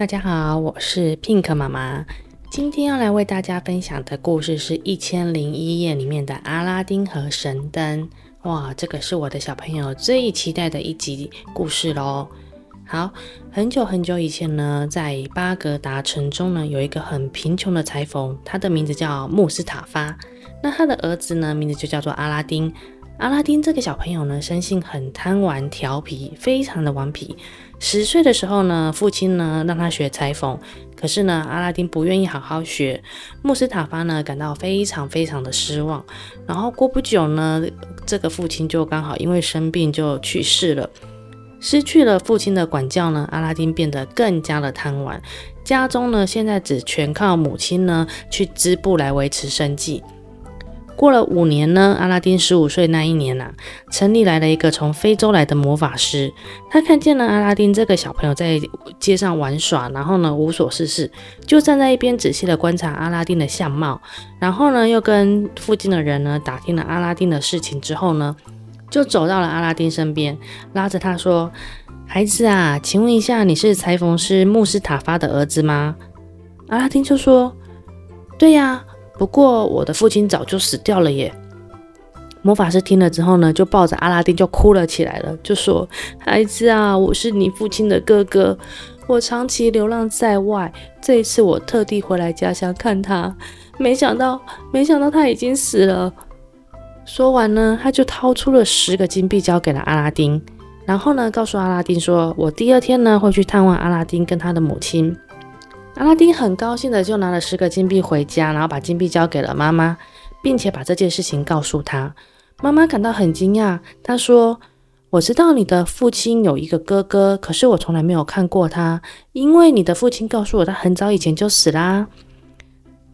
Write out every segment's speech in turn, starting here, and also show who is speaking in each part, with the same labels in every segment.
Speaker 1: 大家好，我是 Pink 媽媽。今天要來為大家分享的故事是《一千零一夜》裡面的阿拉丁和神燈。哇，這個是我的小朋友最期待的一集故事嘍。好，很久很久以前呢，在巴格達城中呢，有一個很貧窮的裁縫，他的名字叫穆斯塔法。那他的兒子呢，名字就叫做阿拉丁。阿拉丁這個小朋友呢，生性很貪玩調皮，非常的頑皮。十歲的時候呢，父親呢讓他學裁縫，可是呢，阿拉丁不願意好好學。穆斯塔法呢感到非常非常的失望。然後過不久呢，這個父親就剛好因為生病就去世了，失去了父親的管教呢，阿拉丁變得更加的貪玩。家中呢現在只全靠母親呢去織布來維持生計。過了五年呢，阿拉丁十五歲那一年呢、啊，城裡來了一個從非洲來的魔法師。他看見了阿拉丁這個小朋友在街上玩耍，然後呢無所事事，就站在一邊仔細的觀察阿拉丁的相貌。然後呢，又跟附近的人呢打聽了阿拉丁的事情之後呢，就走到了阿拉丁身邊，拉着他說：“孩子啊，請問一下，你是裁縫師穆斯塔法的兒子嗎？”阿拉丁就說：“對呀、啊。”不過，我的父親早就死掉了耶。魔法師聽了之後呢，就抱着阿拉丁就哭了起來了，就說：“孩子啊，我是你父親的哥哥，我長期流浪在外，這一次我特地回來家鄉看他，沒想到，沒想到他已經死了。”說完呢，他就掏出了十個金幣交給了阿拉丁，然後呢，告訴阿拉丁說：“我第二天呢會去探望阿拉丁跟他的母親。”阿拉丁很高興的就拿了十個金幣回家，然後把金幣交給了媽媽，並且把這件事情告訴她。媽媽感到很驚訝，她說：“我知道你的父親有一個哥哥，可是我從來沒有看過他，因為你的父親告訴我他很早以前就死啦。”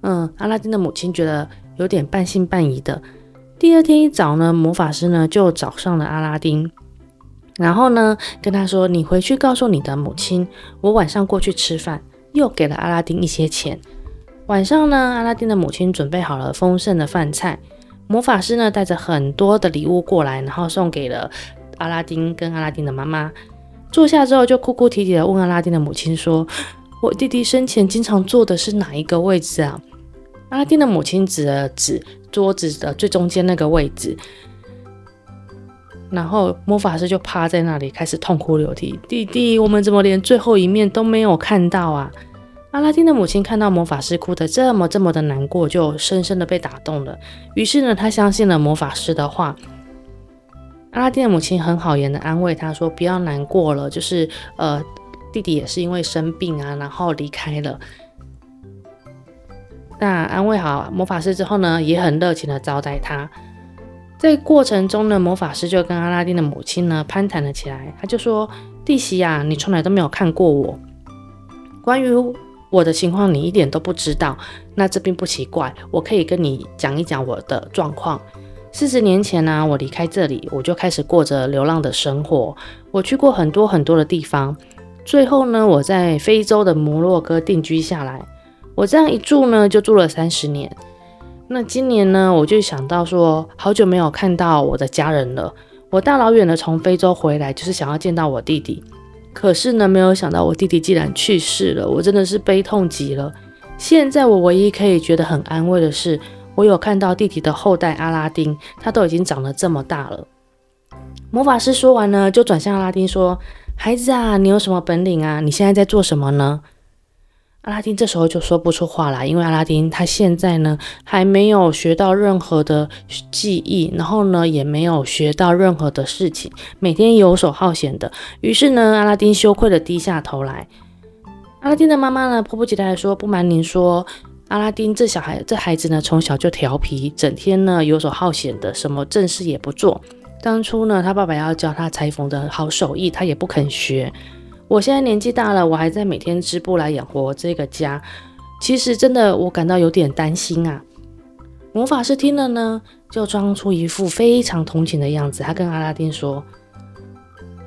Speaker 1: 嗯，阿拉丁的母親覺得有點半信半疑的。第二天一早呢，魔法師呢就找上了阿拉丁，然後呢跟他說：“你回去告訴你的母親，我晚上過去吃飯。”又給了阿拉丁一些錢。晚上呢，阿拉丁的母親準備好了豐盛的飯菜。魔法師呢，帶着很多的禮物過來，然後送給了阿拉丁跟阿拉丁的媽媽。坐下之後，就哭哭啼啼地問阿拉丁的母親說：“我弟弟生前經常坐的是哪一個位置啊？”阿拉丁的母親指了指桌子的最中間那個位置。然後魔法師就趴在那裡開始痛哭流涕：“弟弟，我們怎麼連最後一面都沒有看到啊？”阿拉丁的母親看到魔法師哭得這麼這麼的難過，就深深的被打動了。於是呢，她相信了魔法師的話。阿拉丁的母親很好言的安慰她說：“不要難過了，就是呃，弟弟也是因為生病啊，然後離開了。”那安慰好魔法師之後呢，也很熱情的招待他。在過程中呢，魔法師就跟阿拉丁的母親呢攀談了起來。他就說：“弟媳呀，你從來都沒有看過我。”關於我的情況你一點都不知道，那這並不奇怪。我可以跟你講一講我的狀況。四十年前呢啊，我離開這裡，我就開始過着流浪的生活。我去過很多很多的地方，最後呢，我在非洲的摩洛哥定居下來。我這樣一住呢，就住了三十年。那今年呢，我就想到說，好久沒有看到我的家人了。我大老遠的從非洲回來，就是想要見到我弟弟。可是呢，沒有想到我弟弟竟然去世了，我真的是悲痛極了。現在我唯一可以覺得很安慰的是，我有看到弟弟的後代阿拉丁，他都已經長得這麼大了。魔法師說完呢，就轉向阿拉丁說：“孩子啊，你有什麼本領啊？你現在在做什麼呢？”阿拉丁這時候就說不出話來，因為阿拉丁他現在呢還沒有學到任何的技藝，然後呢也沒有學到任何的事情，每天遊手好閒的。於是呢，阿拉丁羞愧的低下頭來。阿拉丁的媽媽呢迫不及待地說：“不瞞您說，阿拉丁這小孩這孩子呢從小就調皮，整天呢遊手好閒的，什麼正事也不做。當初呢他爸爸要教他裁縫的好手藝，他也不肯學。”我現在年紀大了，我還在每天織布來養活這個家。其實真的，我感到有點擔心啊。魔法師聽了呢，就裝出一副非常同情的樣子。他跟阿拉丁說：“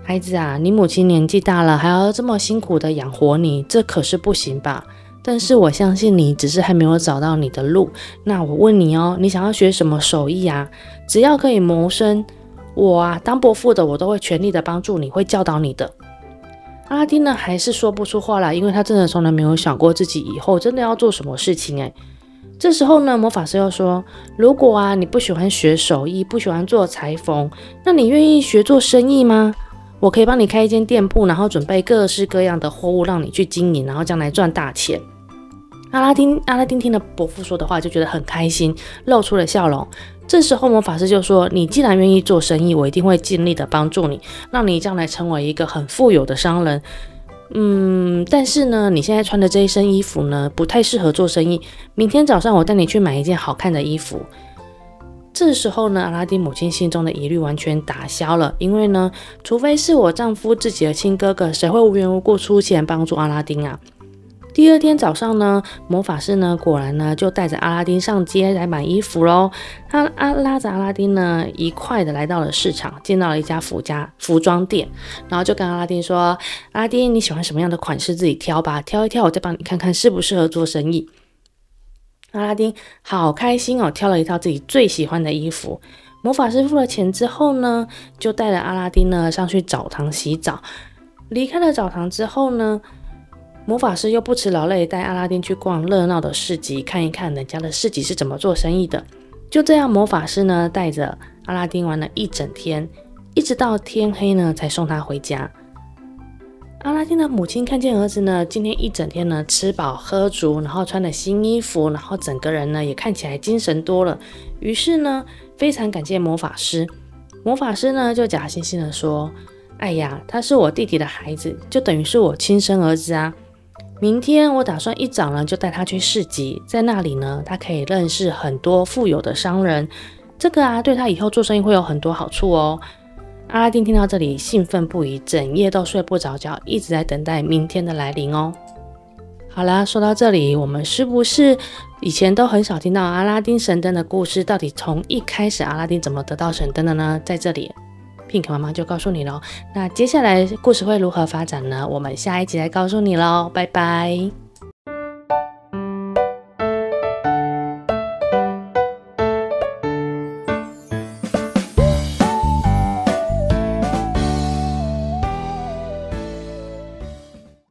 Speaker 1: 孩子啊，你母親年紀大了，還要這麼辛苦的養活你，這可是不行吧？但是我相信你只是還沒有找到你的路。那我問你哦，你想要學什麼手藝啊？只要可以謀生，我啊，當伯父的，我都會全力的幫助你，會教導你的。”阿拉丁呢，還是說不出話來，因為他真的從來沒有想過自己以後真的要做什麼事情。誒，這時候呢，魔法師又說：“如果啊，你不喜歡學手藝，不喜歡做裁縫，那你願意學做生意嗎？我可以幫你開一間店鋪，然後準備各式各樣的貨物讓你去經營，然後將來賺大錢。”阿拉丁，阿拉丁聽了伯父說的話，就覺得很開心，露出了笑容。這時候魔法師就說：“你既然願意做生意，我一定會盡力的幫助你，讓你將來成為一個很富有的商人。嗯，但是呢，你現在穿的這一身衣服呢，不太適合做生意。明天早上我帶你去買一件好看的衣服。”這時候呢，阿拉丁母親心中的疑慮完全打消了，因為呢，除非是我丈夫自己的親哥哥，誰會無緣無故出錢幫助阿拉丁啊？第二天早上呢，魔法師呢果然呢就帶着阿拉丁上街來買衣服嘍。他啊拉着阿拉丁呢一塊的來到了市場，見到了一家服家服裝店，然後就跟阿拉丁說：“阿拉丁，你喜歡什麼樣的款式自己挑吧，挑一挑，我再幫你看看適不適合做生意。”阿拉丁好開心哦，挑了一套自己最喜歡的衣服。魔法師付了錢之後呢，就帶着阿拉丁呢上去澡堂洗澡。離開了澡堂之後呢。魔法師又不辭勞累，帶阿拉丁去逛熱鬧的市集，看一看人家的市集是怎麼做生意的。就這樣，魔法師呢帶着阿拉丁玩了一整天，一直到天黑呢才送他回家。阿拉丁的母親看見兒子呢，今天一整天呢吃飽喝足，然後穿了新衣服，然後整個人呢也看起來精神多了。於是呢，非常感謝魔法師。魔法師呢就假惺惺的說：“哎呀，他是我弟弟的孩子，就等於是我親生兒子啊。”明天我打算一早呢，就帶他去市集，在那裡呢，他可以認識很多富有的商人，這個啊對他以後做生意會有很多好處哦。阿拉丁聽到這裡興奮不已，整夜都睡不着覺，一直在等待明天的來臨哦。好啦，說到這裡，我們是不是以前都很少聽到阿拉丁神燈的故事？到底從一開始阿拉丁怎麼得到神燈的呢？在這裡。pink 媽媽就告訴你嘍，那接下來故事會如何發展呢？我們下一集來告訴你嘍，拜拜。